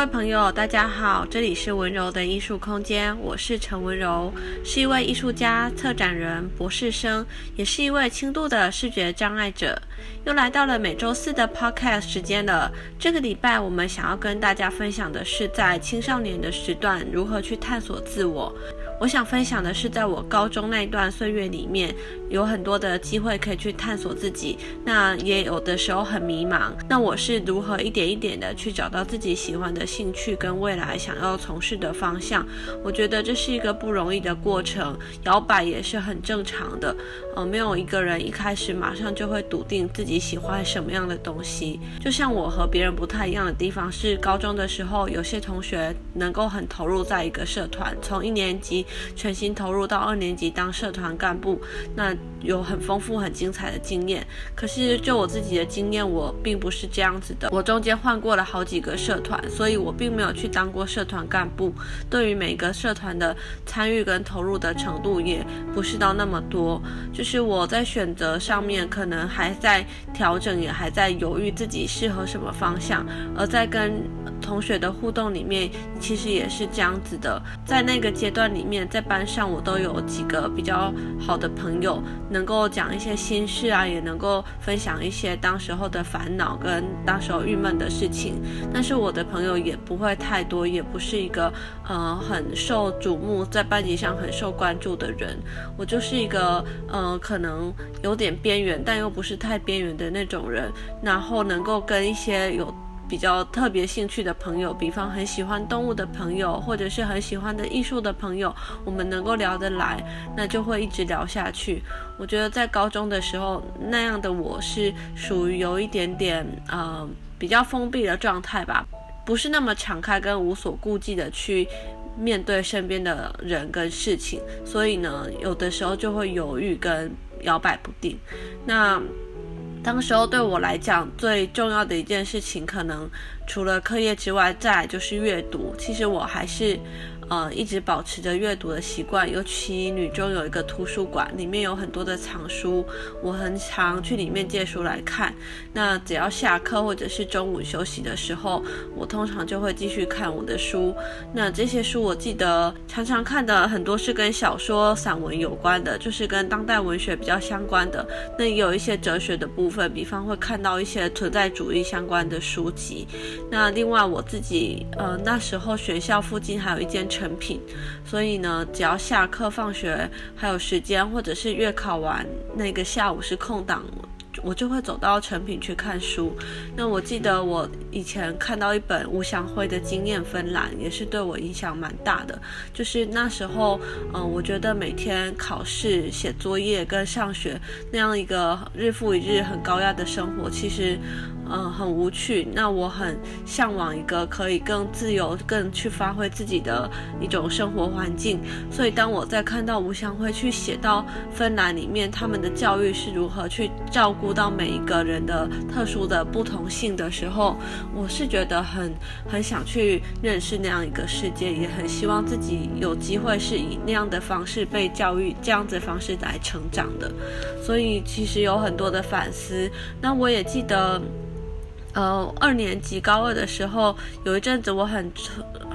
各位朋友，大家好，這裡是文柔的藝術空間，我是陳文柔，是一位藝術家、策展人、博士生，也是一位輕度的視覺障礙者。又來到了每周四的 Podcast 時間了。這個禮拜我們想要跟大家分享的是，在青少年的時段如何去探索自我。我想分享的是，在我高中那段歲月裡面。有很多的機會可以去探索自己，那也有的時候很迷茫。那我是如何一點一點的去找到自己喜歡的興趣跟未來想要從事的方向？我覺得這是一個不容易的過程，搖擺也是很正常的。呃、哦，沒有一個人一開始馬上就會篤定自己喜歡什麼樣的東西。就像我和別人不太一樣的地方是，高中的時候有些同學能夠很投入在一個社團，從一年級全心投入到二年級當社團幹部，那。有很豐富、很精彩的經驗，可是就我自己的經驗，我並不是這樣子的。我中間換過了好幾個社團，所以我並沒有去當過社團幹部，對於每個社團的參與跟投入的程度也不是到那麼多。就是我在選擇上面可能還在調整，也還在猶豫自己適合什麼方向。而在跟同學的互動裡面，其實也是這樣子的。在那個階段裡面，在班上我都有幾個比較好的朋友。能夠講一些心事啊，也能夠分享一些當時候的煩惱跟當時候鬱悶的事情。但是我的朋友也不會太多，也不是一個呃很受矚目、在班級上很受關注的人。我就是一個呃可能有點邊緣，但又不是太邊緣的那種人。然後能夠跟一些有。比較特別興趣的朋友，比方很喜歡動物的朋友，或者是很喜歡的藝術的朋友，我們能夠聊得來，那就會一直聊下去。我覺得在高中的時候，那樣的我是屬於有一點點，呃，比較封閉的狀態吧，不是那麼敞開跟無所顧忌的去面對身邊的人跟事情，所以呢，有的時候就會猶豫跟搖擺不定。那。當時候對我來講最重要的一件事情，可能除了課業之外，再就是閱讀。其實我還是。呃，一直保持着閱讀的習慣。尤其女中有一個圖書館，裡面有很多的藏書，我很常去裡面借書來看。那只要下課或者是中午休息的時候，我通常就會繼續看我的書。那這些書我記得常常看的很多是跟小說、散文有關的，就是跟當代文學比較相關的。那也有一些哲學的部分，比方會看到一些存在主義相關的書籍。那另外我自己，呃，那時候學校附近還有一間。成品，所以呢，只要下課、放學還有時間，或者是月考完那個下午是空檔我，我就會走到成品去看書。那我記得我以前看到一本吳祥輝的經驗芬蘭，也是對我影響蠻大的。就是那時候，嗯、呃，我覺得每天考試、寫作業跟上學那樣一個日復一日很高壓的生活，其實。嗯，很無趣。那我很嚮往一個可以更自由、更去發揮自己的一種生活環境。所以，當我在看到吳祥輝去寫到芬蘭裡面他們的教育是如何去照顧到每一個人的特殊的不同性的時候，我是覺得很很想去認識那樣一個世界，也很希望自己有機會是以那樣的方式被教育，這樣子的方式來成長的。所以，其實有很多的反思。那我也記得。呃，二年級高二的時候，有一陣子我很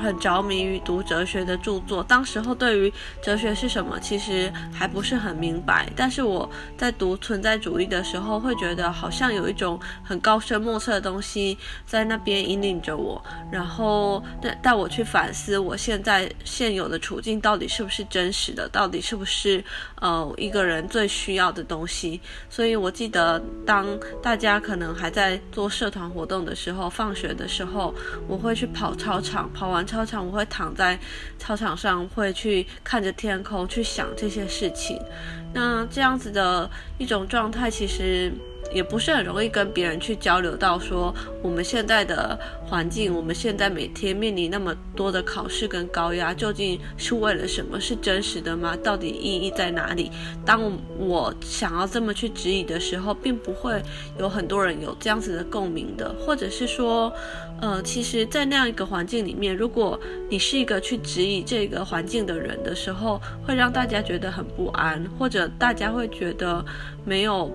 很着迷於讀哲學的著作。當時候對於哲學是什麼，其實還不是很明白。但是我在讀存在主義的時候，會覺得好像有一種很高深莫測的東西在那邊引領着我，然後那帶我去反思我現在現有的處境到底是不是真實的，到底是不是呃一個人最需要的東西。所以我記得，當大家可能還在做社團。活動的時候，放學的時候，我會去跑操場，跑完操場，我會躺在操場上，會去看着天空，去想這些事情。那這樣子的一種狀態，其實。也不是很容易跟別人去交流到說，我們現在的環境，我們現在每天面臨那麼多的考試跟高壓，究竟是為了什麼？是真實的嗎？到底意義在哪裡？當我想要這麼去質疑的時候，並不會有很多人有這樣子的共鳴的，或者是說，呃，其實在那樣一個環境裡面，如果你是一個去質疑這個環境的人的時候，會讓大家覺得很不安，或者大家會覺得沒有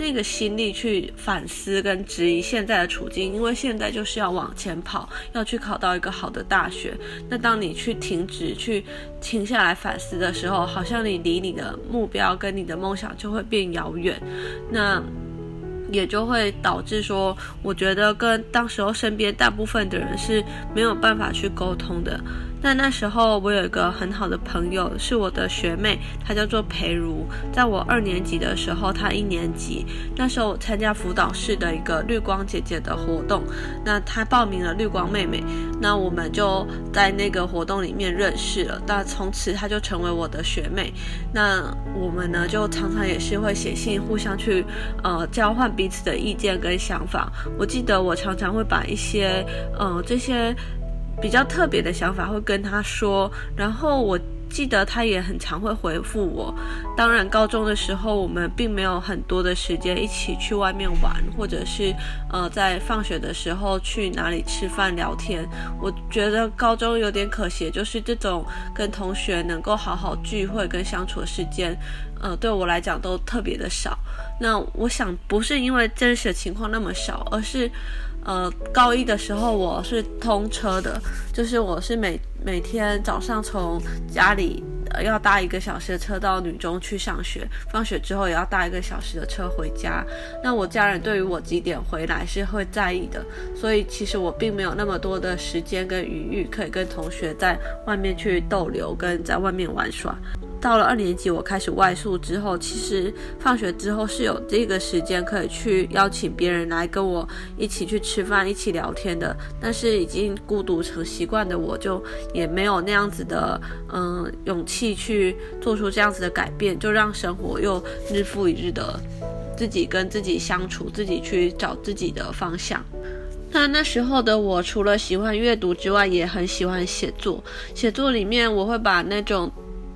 那個心力去反思跟質疑現在的處境，因為現在就是要往前跑，要去考到一個好的大學。那當你去停止，去停下來反思的時候，好像你離你的目標跟你的夢想就會變遙遠，那也就會導致說，我覺得跟當時候身邊大部分的人是沒有辦法去溝通的。那那時候我有一個很好的朋友，是我的學妹，她叫做裴如，在我二年級的時候，她一年級。那時候我參加輔導室的一個綠光姐姐的活動，那她報名了綠光妹妹，那我們就在那個活動裡面認識了。那從此她就成為我的學妹，那我們呢就常常也是會寫信，互相去呃交換彼此的意見跟想法。我記得我常常會把一些嗯、呃、這些。比較特別的想法會跟他說，然後我記得他也很常會回復我。當然，高中的時候我們並沒有很多的時間一起去外面玩，或者是，呃，在放學的時候去哪裡吃飯聊天。我覺得高中有點可惜，就是這種跟同學能夠好好聚會跟相處的時間，呃，對我來講都特別的少。那我想不是因為真實的情況那麼少，而是……呃，高一的時候我是通車的，就是我是每每天早上從家裡，呃，要搭一個小時的車到女中去上學，放學之後也要搭一個小時的車回家。那我家人對於我幾點回來是會在意的，所以其實我並沒有那麼多的時間跟餘裕可以跟同學在外面去逗留，跟在外面玩耍。到了二年級，我開始外宿之後，其實放學之後是有這個時間可以去邀請別人來跟我一起去吃飯、一起聊天的。但是已經孤獨成習慣的我，就也沒有那樣子的嗯勇氣去做出這樣子的改變，就讓生活又日復一日的自己跟自己相處，自己去找自己的方向。那那時候的我，除了喜歡閱讀之外，也很喜歡寫作。寫作裡面，我會把那種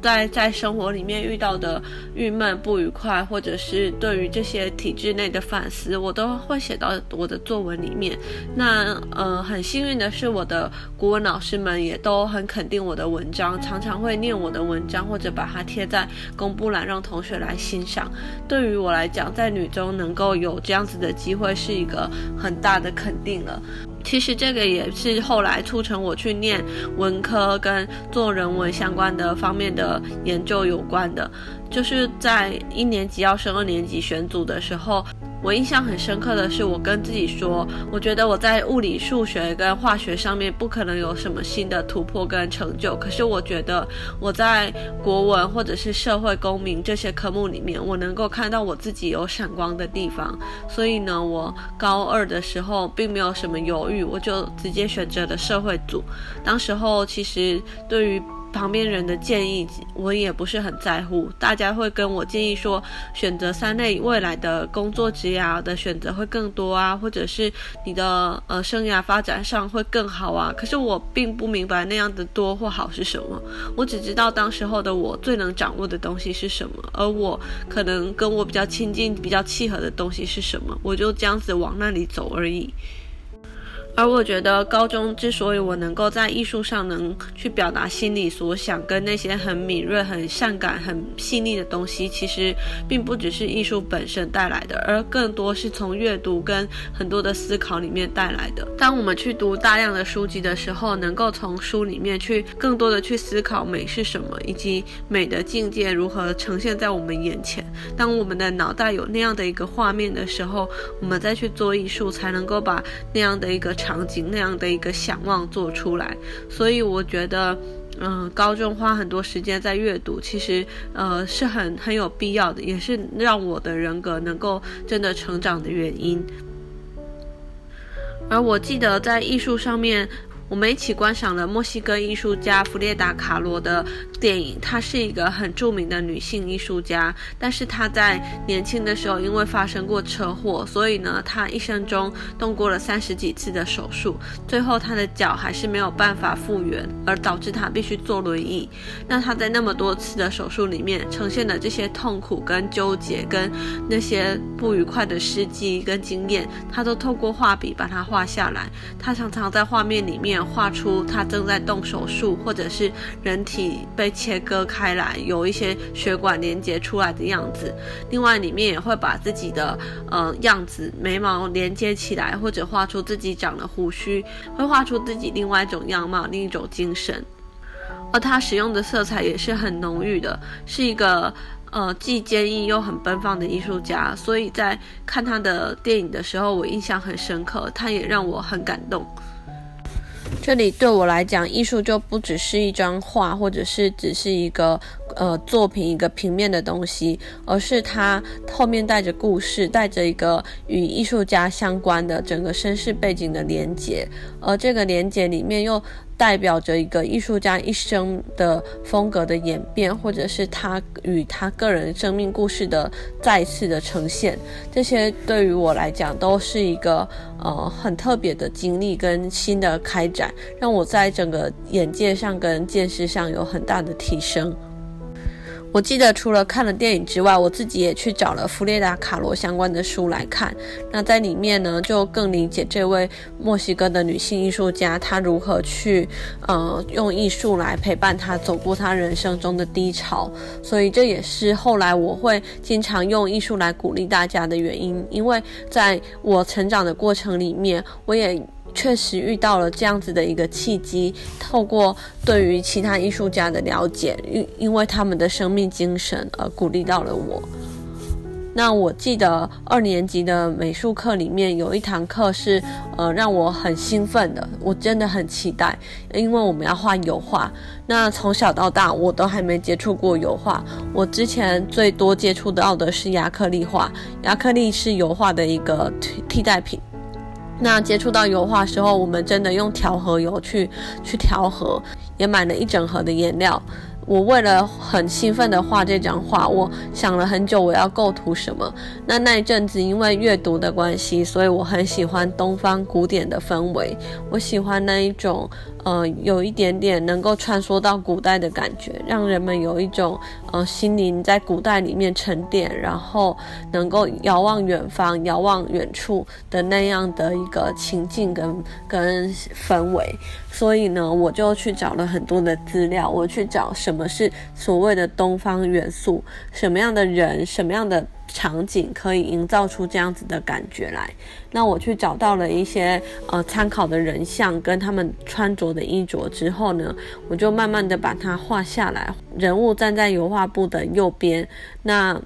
在在生活裡面遇到的鬱悶、不愉快，或者是對於這些體制內的反思，我都會寫到我的作文裡面。那呃，很幸運的是，我的國文老師們也都很肯定我的文章，常常會念我的文章，或者把它貼在公布欄，讓同學來欣賞。對於我來講，在女中能夠有這樣子的機會，是一個很大的肯定了。其實這個也是後來促成我去念文科跟做人文相關的方面的研究有關的，就是在一年級要升二年級選組的時候。我印象很深刻的是，我跟自己說，我覺得我在物理、數學跟化學上面不可能有什麼新的突破跟成就。可是我覺得我在國文或者是社會、公民這些科目裡面，我能夠看到我自己有閃光的地方。所以呢，我高二的時候並沒有什麼猶豫，我就直接選擇了社會組。當時候其實對於旁邊人的建議我也不是很在乎，大家會跟我建議說，選擇三類未來的工作職業的選擇會更多啊，或者是你的呃生涯發展上會更好啊。可是我並不明白那樣的多或好是什麼，我只知道當時候的我最能掌握的東西是什麼，而我可能跟我比較親近、比較契合的東西是什麼，我就這樣子往那裡走而已。而我覺得，高中之所以我能夠在藝術上能去表達心裡所想，跟那些很敏銳、很善感、很細膩的東西，其實並不只是藝術本身帶來的，而更多是從閱讀跟很多的思考裡面帶來的。當我們去讀大量的書籍的時候，能夠從書裡面去更多的去思考美是什麼，以及美的境界如何呈現在我們眼前。當我們的腦袋有那樣的一個畫面的時候，我們再去做藝術，才能夠把那樣的一個場景，那樣的一個想望，做出來，所以我覺得，嗯、呃，高中花很多時間在閱讀，其實呃是很很有必要的，也是讓我的人格能夠真的成長的原因。而我記得在藝術上面。我們一起觀賞了墨西哥藝術家弗列達·卡羅的電影。她是一個很著名的女性藝術家，但是她在年輕的時候因為發生過車禍，所以呢，她一生中動過了三十幾次的手術，最後她的腳還是沒有辦法復原，而導致她必須坐輪椅。那她在那麼多次的手術裡面呈現的這些痛苦跟糾結，跟那些不愉快的事跡跟經驗，她都透過畫筆把它畫下來。她常常在畫面裡面。畫出他正在動手術，或者是人體被切割開來，有一些血管連接出來的樣子。另外，裡面也會把自己的呃樣子眉毛連接起來，或者畫出自己長的鬍鬚，會畫出自己另外一種樣貌、另一種精神。而他使用的色彩也是很濃郁的，是一個呃既堅毅又很奔放的藝術家。所以在看他的電影的時候，我印象很深刻，他也讓我很感動。這裡對我來講，藝術就不只是一張畫，或者是只是一個。呃，作品一個平面的東西，而是它後面帶着故事，帶着一個與藝術家相關的整個身世背景的連接，而這個連接裡面又代表着一個藝術家一生的風格的演變，或者是他與他個人生命故事的再次的呈現。這些對於我來講都是一個呃很特別的經歷跟新的開展，讓我在整個眼界上跟見識上有很大的提升。我記得，除了看了電影之外，我自己也去找了弗列達卡羅相關的書來看。那在裡面呢，就更理解這位墨西哥的女性藝術家，她如何去，呃，用藝術來陪伴她走過她人生中的低潮。所以這也是後來我會經常用藝術來鼓勵大家的原因，因為在我成長的過程裡面，我也。確實遇到了這樣子的一個契機，透過對於其他藝術家的了解，因因為他們的生命精神而鼓勵到了我。那我記得二年級的美術課裡面有一堂課是，呃，讓我很興奮的，我真的很期待，因為我們要畫油畫。那從小到大我都還沒接觸過油畫，我之前最多接觸到的是亞克力畫，亞克力是油畫的一個替替代品。那接觸到油畫時候，我們真的用調和油去去調和，也買了一整盒的顏料。我為了很興奮的畫這張畫，我想了很久我要構圖什麼。那那一陣子因為閱讀的關係，所以我很喜歡東方古典的氛圍，我喜歡那一種。呃，有一點點能夠穿梭到古代的感覺，讓人們有一種呃心靈在古代裡面沉澱，然後能夠遙望遠方、遙望遠處的那樣的一個情境跟跟氛圍。所以呢，我就去找了很多的資料，我去找什麼是所謂的東方元素，什麼樣的人，什麼樣的。場景可以營造出這樣子的感覺來。那我去找到了一些呃參考的人像跟他們穿着的衣着之後呢，我就慢慢的把它畫下來。人物站在油畫布的右邊，那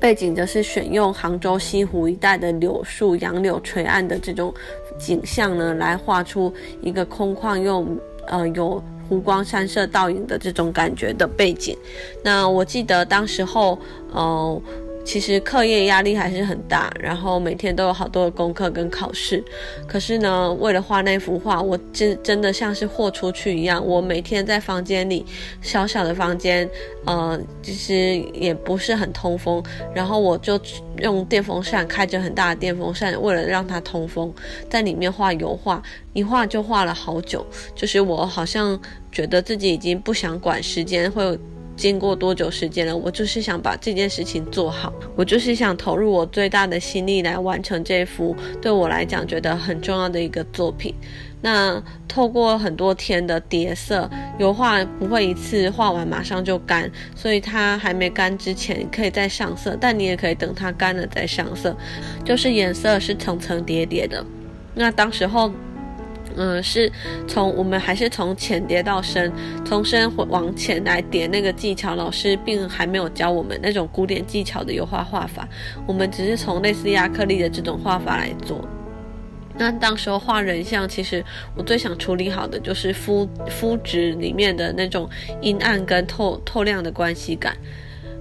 背景則是選用杭州西湖一帶的柳樹、楊柳垂岸的這種景象呢，來畫出一個空曠又呃有湖光山色倒影的這種感覺的背景。那我記得當時候，哦、呃。其實課業壓力還是很大，然後每天都有好多的功課跟考試。可是呢，為了畫那幅畫，我真真的像是豁出去一樣。我每天在房間裡，小小的房間，呃，其實也不是很通風。然後我就用電風扇開着很大的電風扇，為了讓它通風，在裡面畫油畫，一畫就畫了好久。就是我好像覺得自己已經不想管時間會有經過多久時間了？我就是想把這件事情做好，我就是想投入我最大的心力來完成這一幅對我來講覺得很重要的一個作品。那透過很多天的疊色，油畫不會一次畫完馬上就乾，所以它還沒乾之前可以再上色，但你也可以等它乾了再上色，就是顏色是層層疊疊的。那當時候。嗯，是從我們還是從淺疊到深，從深往淺來疊那個技巧。老師並還沒有教我們那種古典技巧的油畫畫法，我們只是從類似亞克力的這種畫法來做。那當時候畫人像，其實我最想處理好的就是膚膚質裡面的那種陰暗跟透透亮的關係感。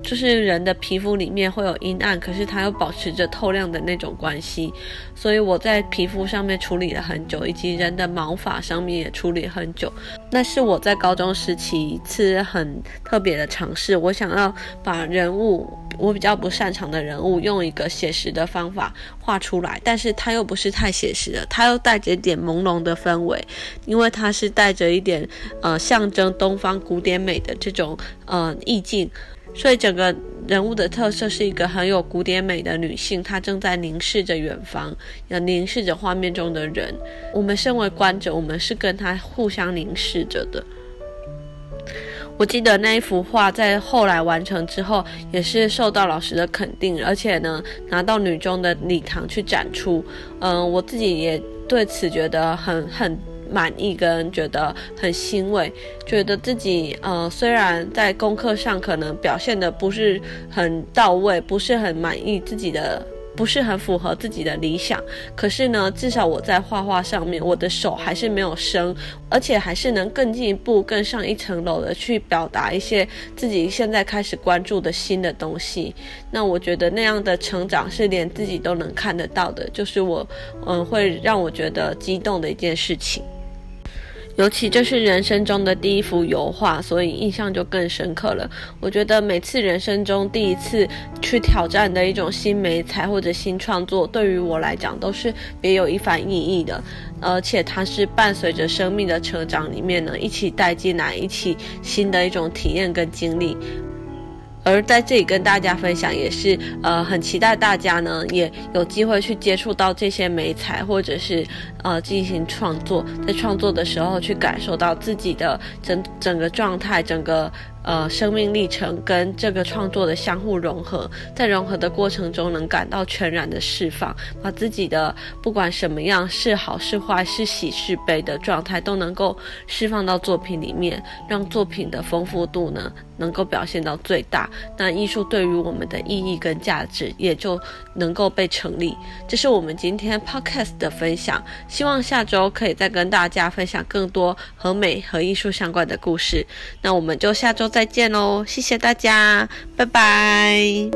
就是人的皮膚裡面會有陰暗，可是它又保持着透亮的那種關係，所以我在皮膚上面處理了很久，以及人的毛髮上面也處理很久。那是我在高中時期一次很特別的嘗試。我想要把人物，我比較不擅長的人物，用一個寫實的方法畫出來，但是它又不是太寫實的，它又帶着點朦朧的氛圍，因為它是帶着一點呃象徵東方古典美的這種呃意境。所以，整個人物的特色是一個很有古典美的女性，她正在凝視着遠方，也凝視着畫面中的人。我們身為觀者，我們是跟她互相凝視着的。我記得那一幅畫在後來完成之後，也是受到老師的肯定，而且呢，拿到女中的禮堂去展出。嗯、呃，我自己也對此覺得很很。滿意跟覺得很欣慰，覺得自己呃雖然在功課上可能表現得不是很到位，不是很滿意自己的，不是很符合自己的理想，可是呢，至少我在畫畫上面，我的手還是沒有生，而且還是能更進一步，更上一層樓的去表達一些自己現在開始關注的新的東西。那我覺得那樣的成長是連自己都能看得到的，就是我嗯會讓我覺得激動的一件事情。尤其這是人生中的第一幅油畫，所以印象就更深刻了。我覺得每次人生中第一次去挑戰的一種新媒材或者新創作，對於我來講都是別有一番意義的，而且它是伴隨着生命的成長裡面呢一起帶進來一起新的一種體驗跟經歷。而在這裡跟大家分享，也是呃很期待大家呢也有機會去接觸到這些媒材，或者是呃進行創作，在創作的時候去感受到自己的整整個狀態、整個呃生命歷程跟這個創作的相互融合，在融合的過程中能感到全然的釋放，把自己的不管什麼樣是好是壞、是喜是悲的狀態都能夠釋放到作品裡面，讓作品的豐富度呢。能夠表現到最大，那藝術對於我們的意義跟價值也就能夠被成立。這是我們今天 Podcast 的分享，希望下周可以再跟大家分享更多和美和藝術相關的故事。那我們就下周再見嘍，謝謝大家，拜拜。